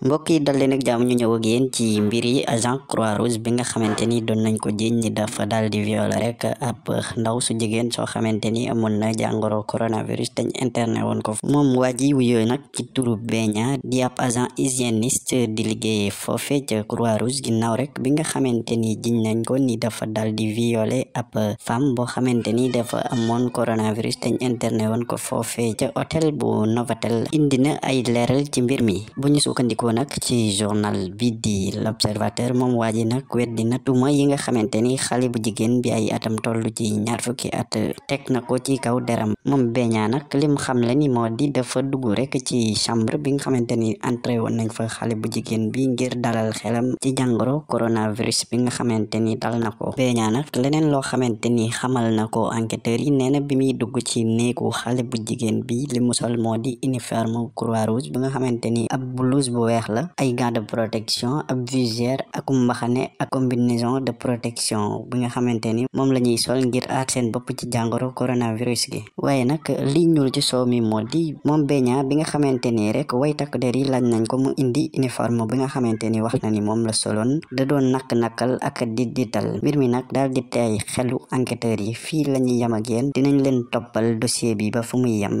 mbokk yi dal leen ak jàmm ñu ñëw ak ci mbir yi agent croix rouge bi nga xamante ni doon nañ ko jiiñ ni fa daal di violé rek ab ndaw su jigéen soo xamante ni amoon na jàngoro coronavirus teñ internet woon ko moom waa ji wuyoo nag ci turu beña di ab agent hygiéniste di liggéeye foofe ca croix rouge ginnaaw rek bi nga xamante ni jiñ nañ ko ni fa daal di violé ab femme boo xamante ni dafa amoon coronavirus teñ internet woon ko foofe ca hôtel bo novotel indi na ay ci mbir mi ñu sukkandikoo ko nag ci journal bi di l'observateur moom waa ji nag weddi na tuuma yi nga xamante ni xale bu jigéen bi ay atam toll ci ñaar fukki at teg na ko ci kaw deram moom beñaa nag lim xam le ni moo di dafa dugg rek ci chambre bi nga xamante ni entré woon nañ fa xale bu jigéen bi ngir dalal xelam ci jàngoro coronavirus bi nga xamante ni dal na ko beñaa nag leneen loo xamante ni xamal na ko enquêteurs yi na bi muy dugg ci neku xale bu jigéen bi li mu sol moo di uniforme Croix-Rouge bi nga xamante ab blouse bu weex la ay gants de protection ab visière ak mbaxane ak combinaison de protection bi nga xamante ni moom la ñuy sol ngir aar seen bopp ci jàngoro coronavirus gi waaye nag li ñuul ci soow mi moo di moom beña bi nga xamante ni rek way takk der yi laaj nañ ko mu indi uniforme bi nga xamante ni wax na ni moom la soloon da doon nakk-nakal ak di dital mbir mi nag daal di tey xelu enquêteurs yi fii la ñuy yam ak yéen dinañ leen toppal dossier bi ba fu muy yam